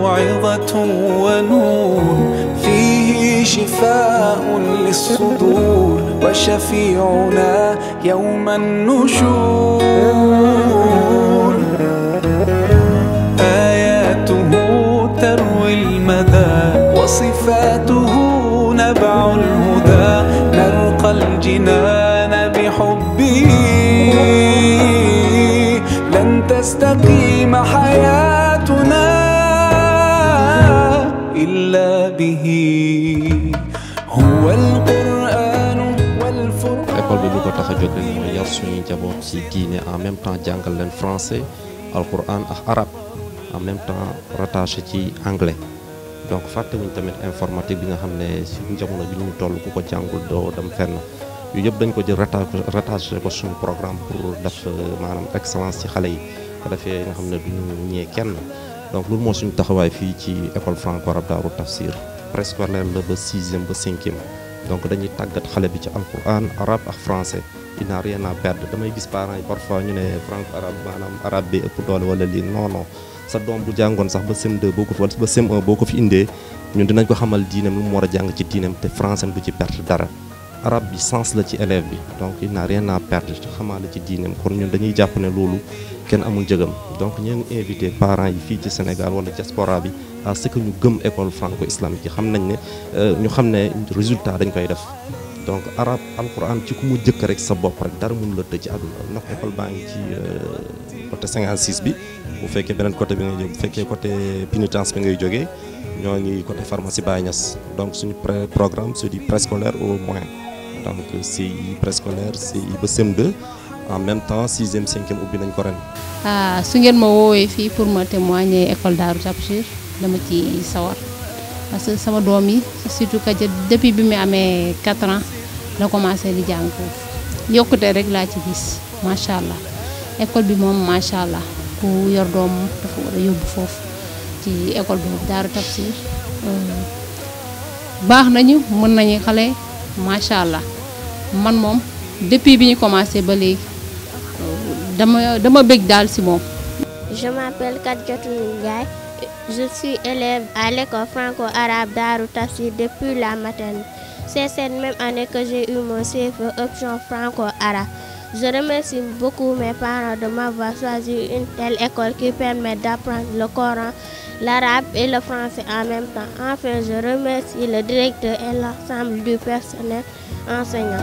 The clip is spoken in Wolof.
موعظة ونور فيه شفاء للصدور وشفيعنا يوم النشور آياته تروي المدى وصفاته نبع الهدى نرقى الجنان بحبه لن تستقيم حياه به bi lu ko tax a jóg rek mooy yar suñuy njaboot ci diine en même temps jàngal leen français alquran ak arabe en même temps rattaché ci anglais donc fàttewuñ tamit informatique bi nga xam ne suñu jamono bi ñu toll ku ko jàngul doo dem fenn yu yëpp dañ ko jël rattaché ko suñu programme pour def euh, maanaam excellence ci xale yi ko defee nga xam ne duñu ñee kenn donc loolu moo suñu taxawaay fii ci école franco arabe daaru tafsir préscolaire la ba sixième ba cinquième donc dañuy tàggat xale bi ci alquran arabe ak français il n'a rien à perdre damay gis parents yi parfois ñu ne franco arabe maanaam arabe bi ëpp doole wala lii non sa doom bu jàngoon sax ba CM2 boo ko fi wala ba cm boo ko fi indee ñun dinañ ko xamal diineem lu mu war a jàng ci diineem te français du ci perte dara arab bi sens la ci élève bi donc il n'a rien à perdre xamaa la ci diineem kon ñun dañuy jàpp ne loolu kenn amul jëgam donc ñu ngi invité parents yi fii ci Sénégal wala diaspora bi à que ñu gëm école franco islamique yi xam nañ ne euh, ñu xam ne résultat dañ koy def donc arab alquran ci ku mu jëkk rek sa bopp rek dara mënu la tëj ci àdduna ndax école baa ngi ci euh, côté 56 bi bu fekkee beneen côté bi ngay jóg bu fekkee côté pénitence bi ngay jógee ñoo ngi côté pharmacie Baye Niass donc suñu programme c'est du préscolaire au moyen donc CI préscolaire CI ba CM2 en même temps 6e 5e ubbi nañ ko ren ah su ngeen ma wowe fi pour ma témoigner école daaru Tafsir dama ci sawar parce que sama doom yi surtout que depuis bi mi amé 4 ans la commencé di jang foofu yokkute rek la ci gis machallah école bi mom machallah allah ku yor dom dafa wara yobbu yóbbu ci école boobu daaru Tafsir euh, baax nañu mën nañu xale Masha'Allah, allah man depuis que j'ai commencé à mon dama dama dal je m'appelle Kadjatou Ndiaye je suis élève à l'école franco-arabe d'Arutasi depuis la matinée. c'est cette même année que j'ai eu mon CFE option franco-arabe. Je remercie beaucoup mes parents de m'avoir choisi une telle école qui permet d'apprendre le Coran, l'arabe et le français en même temps. Enfin, je remercie le directeur et l'ensemble du personnel enseignant.